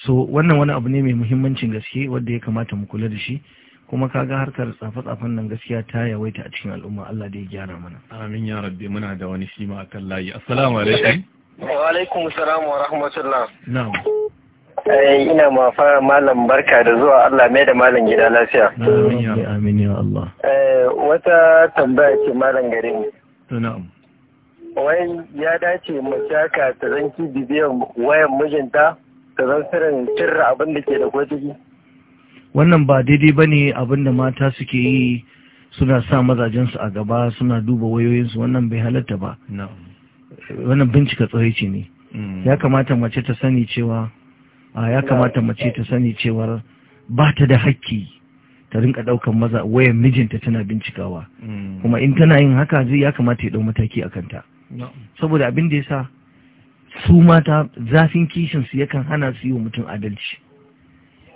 So wannan wani abu ne mai muhimmancin gaske wadda ya kamata mu kula da shi kuma kaga harkar tsafe-tsafen nan gaskiya ta yawaita a cikin al'umma Allah da ya gyara mana. Amin ya rabbi muna da wani shi ma akan layi. Assalamu alaikum. Wa alaikum salam wa rahmatullah. Na'am. Eh, ina ma fara malam barka da zuwa Allah mai da malam gida lafiya. Amin ya Allah. Eh, wata tambaya ce malam gare ni. Wai ya dace mu haka ta zan ki wayan mijinta ta zan sirrin sirra abin da ke da ko ciki. Wannan ba daidai ba ne abin da mata suke yi suna sa mazajensu a gaba suna duba wayoyinsu wannan bai halatta ba. Wannan bincika tsohaici ne. Mm. Ya kamata mace ta sani cewa A ya kamata mace ta sani cewar ba ta da hakki ta rinka daukan maza wayan mijinta tana bincikawa hmm. kuma in tana yin haka zai ya kamata ya ɗau mataki a kanta saboda abin da ya sa su mata zafin kishinsu yakan hana su yi wa mutum adalci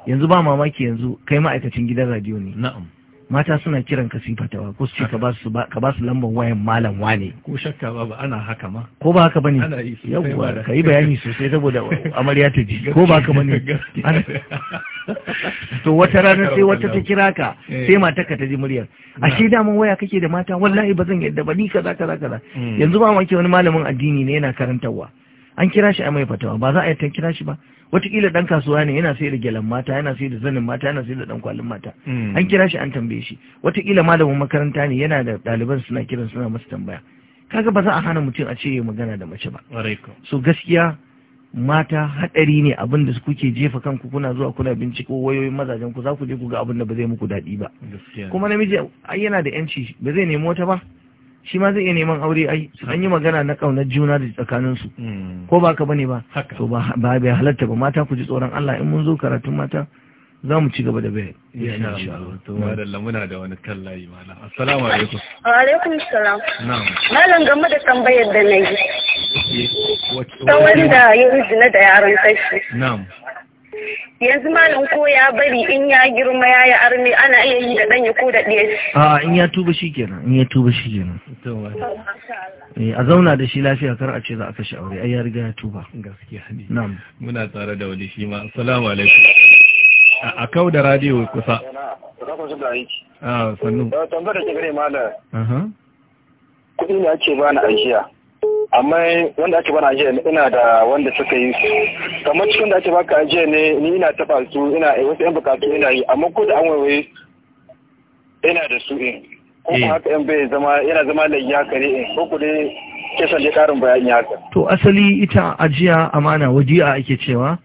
yanzu ba mamaki yanzu kai ma'aikacin gidan radiyo ne na'am mata suna kiran ka sifatawa ko ce ka ba su lambar wayan malam wane ko shakka ba ana haka ma ko ba haka bane yawwa ka yi bayani sosai saboda amarya ta ji ko ba haka bane to wata rana sai wata ta kira ka eh. sai mata ka ta ji muryar ashe daman waya kake da mata wallahi ba zan yadda ba ni kaza kaza kaza hmm. yanzu ba ma wani malamin addini ne yana karantarwa an kira shi a mai fatawa ba za a yi ta kira shi ba watakila dan kasuwa ne yana sai da gyalan mata yana sai da zanin mata yana sai da dan kwalin mata hmm. an kira shi an tambaye shi watakila malamin makaranta ne yana da ɗaliban suna kiran suna masa tambaya kaga ba za a hana mutum a ce ya magana da mace ba so gaskiya mata hadari ne abin da kuke jefa kanku kuna zuwa kuna binciko wayoyin mazajen ku za ku je ku ga abin da ba zai muku daɗi ba kuma namiji yana da yanci ba zai nemi wata ba shi ma zai iya neman aure ai an yi magana na kaunar juna da tsakanin su ko ba ka bane ba to ba bai halatta ba mata ku ji tsoron Allah in mun zo karatun mata za mu ci gaba da bayani insha Allah to madalla muna da wani kan layi malam assalamu alaikum wa alaikum assalam na'am malam game da tambayar da nayi ta wanda ya rijina da yaron kashi na'am yanzu malam ko ya bari in ya girma ya yi armi ana iya yi da ɗanya ko da ɗaya. a in ya tuba shi kenan in ya tuba shi kenan Eh, a zauna da shi lafiya kar a ce za a kashe aure ai ya riga ya tuba gaskiya ne na'am muna tare da wani shi ma assalamu alaikum a kau da radio kusa a sannu eh, tambar da gare mala kudi ne ake ba na ajiya amma wanda ake ba na ajiya ina da wanda suka yi su kamar cikin da ake baka ajiya ne ni ina taba su ina wasu yan bukatu ina yi amma ko da an waiwaye ina da su in eh. kuma eh. haka yan bai zama yana zama layya haka ne eh, ko ku dai kisan karin bayani haka to asali ita ajiya amana wadi'a ake cewa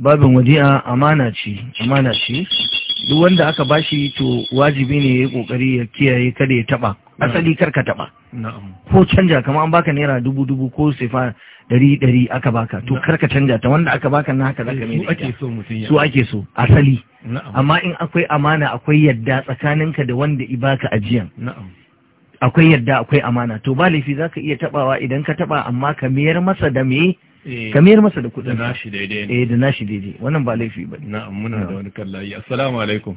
babin wadi'a amana ce amana ce duk wanda aka bashi to wajibi ne ya kokari ya kiyaye kada ya taba asali karka taba ko canja kamar an baka naira dubu dubu ko sifa dari dari aka baka to karka canja ta wanda aka baka na haka zaka eh, mai su ake so asali amma in akwai amana akwai yadda tsakaninka da wanda i baka ajiyan akwai yadda akwai amana to ba laifi zaka iya tabawa idan ka taba amma ka mayar masa da me eh, ka mayar masa da kudin da nashi daidai eh da nashi daidai wannan ba laifi ba na'am muna da wani kallayi assalamu alaikum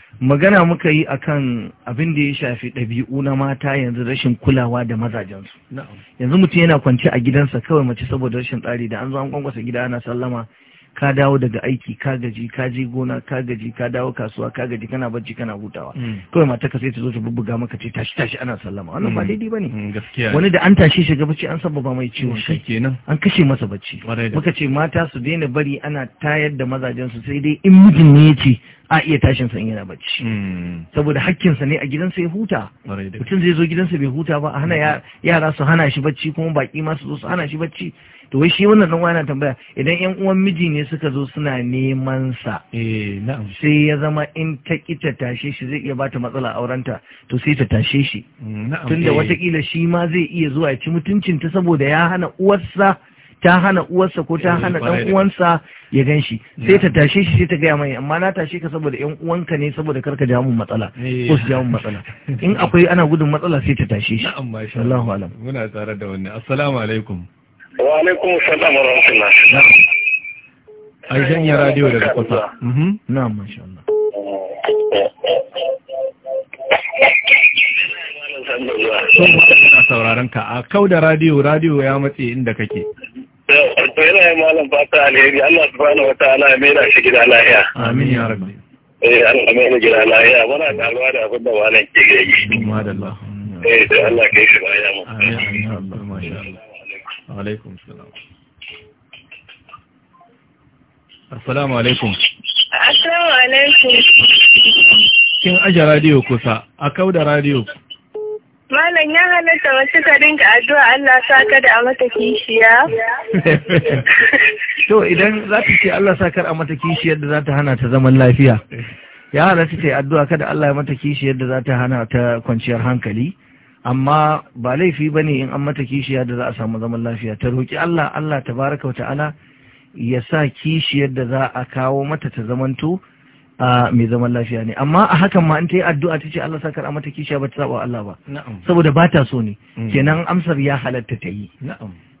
magana muka yi a kan abin da ya shafi ɗabi'u na mata yanzu rashin kulawa da mazajensu yanzu mutum yana kwance a gidansa kawai mace saboda rashin tsari da an zo an kwankwasa gida ana sallama ka dawo daga aiki ka gaji ka je gona ka gaji ka dawo kasuwa ka gaji kana bacci kana hutawa hmm. kawai mata ka sai ta zo ta bubbuga maka ce tashi tashi ana sallama wannan ba hmm. daidai bane hmm, wani da an tashi shiga bacci an sababa mai ciwon kai an kashe masa bacci muka ce mata su daina bari ana tayar da mazajen su sai dai in mijin ne ce a iya tashin sa in yana bacci saboda sa ne a gidansa ya huta mutum zai zo gidansa bai huta ba a hana yara su hana shi bacci kuma baki ma su zo su hana shi bacci to wai shi wannan ɗan yana tambaya idan yan uwan miji ne suka zo suna neman sa eh, sai ya zama in ta ki ta tashe shi zai iya bata matsala aurenta to sai ta tashe shi mm, tunda eh. watakila shi ma zai iya zuwa ya ci mutuncin ta saboda ya hana uwarsa ta hana uwarsa ko ta eh, hana dan uwansa ya gan shi sai ta tashe shi sai ta gaya mai amma na tashe ka saboda yan uwanka ne saboda karka ja mun matsala ko su ja mun matsala in akwai ana gudun matsala sai ta tashe shi muna da wannan assalamu alaikum wa alaikum salam wa rahmatullah ai janya radio daga kusa mhm na masha Allah sauraron ka a kau da radio radio ya matse inda kake yana yi malam fata alheri Allah subhanahu wa ta'ala ya mera shi gida lahiya amin ya rabbi eh Allah mera gida lahiya muna karuwa da abin da malam ke gari kuma da Allah eh sai Allah ke shi baya mu amin ya Allah Allah alaikum salam assalamu alaikum assalamu alaikum kin aje radio kusa a kauda radio Malam ya halatta wasu ka dinga addu'a Allah sa ka da a mata kishiya. To idan za ta ce Allah sa kar a mata kishiyar da za ta hana ta zaman lafiya. Ya halatta ce addu'a kada Allah ya mata kishiyar da za ta hana ta kwanciyar hankali. amma ba laifi ba ne in an mata kishiya da za a samu zaman lafiya ta roƙi Allah Allah tabaraka wa ta'ala ya sa kishiyar da za a kawo mata ta zamanto a mai zaman lafiya ne amma a hakan ma in ta yi addu'a ta ce Allah sakar a mata kishiya ba ta saba Allah ba saboda ba ta so ne mm. kenan amsar ya halatta ta yi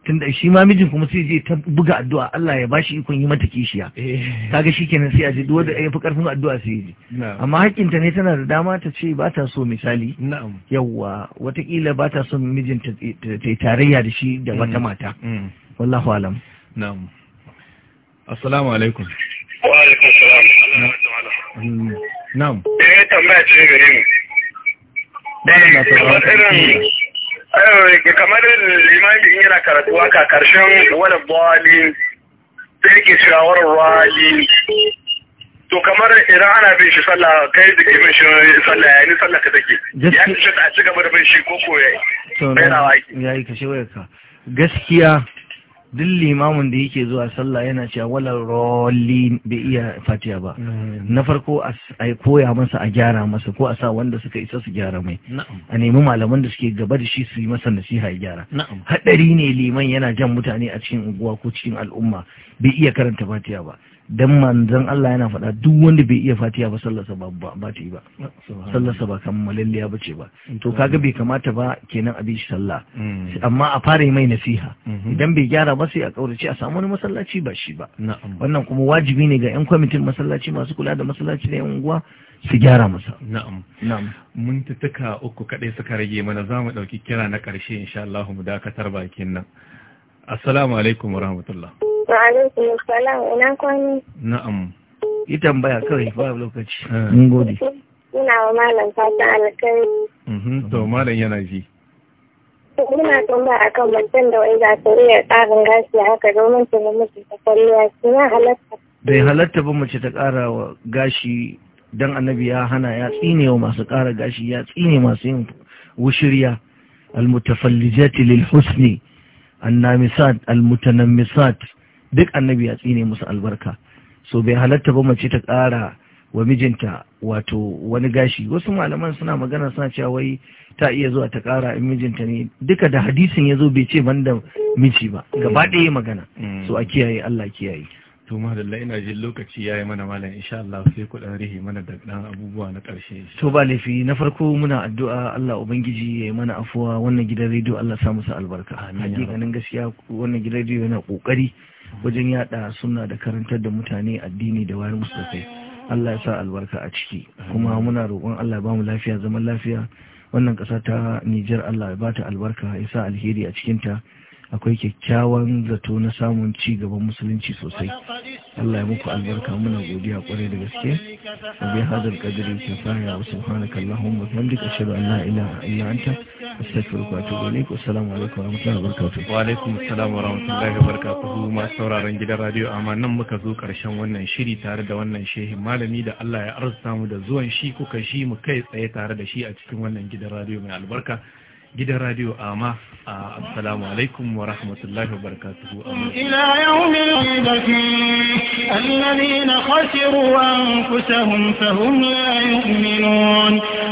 tunda shi ma mijin kuma sai je ta buga addu'a Allah ya bashi ikon yi mata kishiya eh. kaga shikenan sai a ji duk da ya fi karfin addu'a sai ji amma hakinta ne tana da dama ta ce ba ta so misali yawa watakila ba ta so mijin ta tarayya da shi da wata mm. mata mm. wallahu alam na'am assalamu alaikum wa alaikum salam na'am eh tambaya ce gare mu ba na tsara Eh, kamar limami in yana karatu haka karshen wani bali sai ke shawarar wali to kamar idan ana bin shi sallah kai da ke bin shi sallah ni sallah ka take ya ci ta ci gaba da bin shi ko ko yayi to yayi ka shi wayarka gaskiya duk limamin da yake zuwa sallah yana cewa wala rolli bai iya fatiya ba mm. na farko a koya masa a gyara masa ko a sa wanda suka isa su gyara mai a nemi malaman da suke gaba da shi su yi masa nasiha ya gyara hadari ne liman yana jan mutane a cikin unguwa ko cikin al'umma bai iya karanta fatiya ba dan manzon Allah yana faɗa duk wanda bai iya Fatiya ba sallarsa ba ba ta yi ba sallarsa ba kan ba ce ba to kaga bai kamata ba kenan a shi sallah mm. amma a fara mai nasiha mm-hmm. idan bai gyara ba sai a kaurace a samu wani masallaci ba shi ba wannan kuma wajibi ne ga yan kwamitin masallaci masu kula da masallaci na yan unguwa su gyara masa. Na'am. Na'am. Mun tuttuka uku kaɗai suka rage mana za mu ɗauki kira na karshe insha Allah mu dakatar bakin nan. Assalamu alaikum wa rahmatullah. Wa alaikum salam ina kwani. Na'am. Yi tambaya kawai ba lokaci. Ah, ah. Mun gode. Muna wa malam fata alkai. Mhm. To malam yana ji. Ina Muna a kan mutum da wai zakariya ƙarin gashi haka domin su ga musu ta kwalliya su ya halatta. Bai halatta ba mace ta ƙara wa gashi dan annabi ya hana ya tsine wa masu ƙara gashi ya tsine masu yin wushirya almutafallijati lil husni annamisat almutanammisat duk annabi ya tsine musu albarka so bai halatta ba mace ta ƙara wa mijinta wato wani gashi wasu malaman suna magana suna cewa wai ta iya zuwa ta ƙara in mijinta ne duka da hadisin ya zo bai ce ban da miji ba gaba ɗaya magana mm. so a kiyaye Allah kiyaye to madalla ina jin lokaci yayi mana malam insha Allah sai ku dan rihi mana da dan abubuwa na karshe to ba laifi na farko muna addu'a Allah ubangiji yi mana afuwa wannan gidan rediyo Allah sa musu albarka hakikanin gaskiya wannan gidan rediyo yana kokari wajen yada suna da karantar da mutane addini da wayar musu kai Allah ya sa albarka a ciki kuma muna roƙon Allah ya bamu lafiya zaman lafiya wannan ƙasa ta Nijar Allah ya bata albarka ya sa alheri a cikinta akwai kyakkyawan zato na samun ci gaban musulunci sosai Allah ya muku albarka muna godiya kwarai da gaske wa bi hadal qadri kifaya wa subhanaka allahumma wa bihamdika ashhadu an la ilaha illa anta astaghfiruka wa atubu ilaik assalamu alaikum wa rahmatullahi wa barakatuh wa alaikum assalam wa rahmatullahi wa barakatuh ma sauraron gidan radio amma nan muka zo karshen wannan shiri tare da wannan shehi malami da Allah ya arsa mu da zuwan shi kuka shi mu kai tsaye tare da shi a cikin wannan gidan radio mai albarka gidan radio ama assalamu alaikum wa rahmatullahi wa barakatuhu ila yawmin baki alladhina khasiru anfusahum fahum la yu'minun